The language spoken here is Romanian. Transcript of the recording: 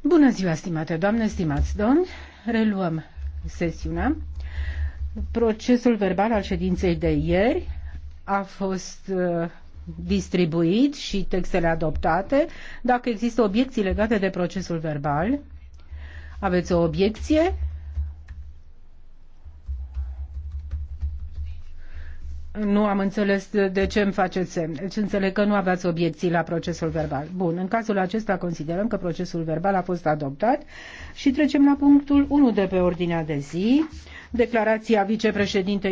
Bună ziua, stimate doamne, stimați domni. Reluăm sesiunea. Procesul verbal al ședinței de ieri a fost uh, distribuit și textele adoptate. Dacă există obiecții legate de procesul verbal, aveți o obiecție? Nu am înțeles de ce îmi faceți semn. Deci înțeleg că nu aveați obiecții la procesul verbal. Bun, în cazul acesta considerăm că procesul verbal a fost adoptat și trecem la punctul 1 de pe ordinea de zi, declarația vicepreședintei